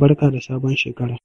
Barka da Sabon Shekara!